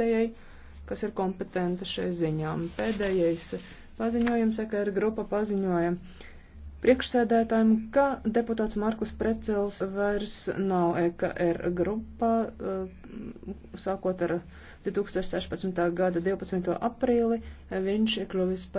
komitejai, kas ir kompetenta šai ziņām. Pēdējais paziņojums, ka ir grupa paziņoja priekšsēdētājiem, ka deputāts Markus Precels vairs nav EKR grupā, uh, sākot ar 2016. gada 12. aprīli, viņš ir kļuvis par